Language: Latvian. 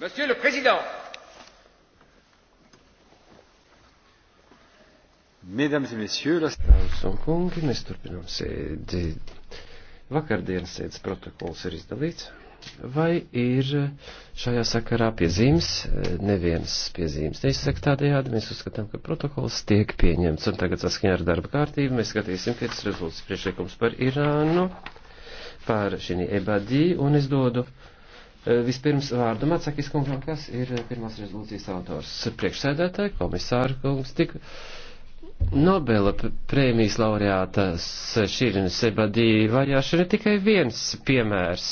Monsieur le Président, Mesdames et Messieurs, la... Dāmas un kungi, mēs turpinām sēdi. Vakardienas sēdes protokols ir izdalīts. Vai ir šajā sakarā piezīmes? Nevienas piezīmes neizsaka tādējādi. Mēs uzskatām, ka protokols tiek pieņemts. Un tagad saskaņā ar darba kārtību mēs skatīsim pēc rezultātu priekšlikums par Irānu, par šī ebadī, un es dodu. Eh, vispirms vārdu Macakis kungam, kas ir eh, pirmās rezolūcijas autors. Priekšsēdētāji, komisāra kungs, tik Nobela prēmijas laureātas Šīrina Sebadī vajāšana ir tikai viens piemērs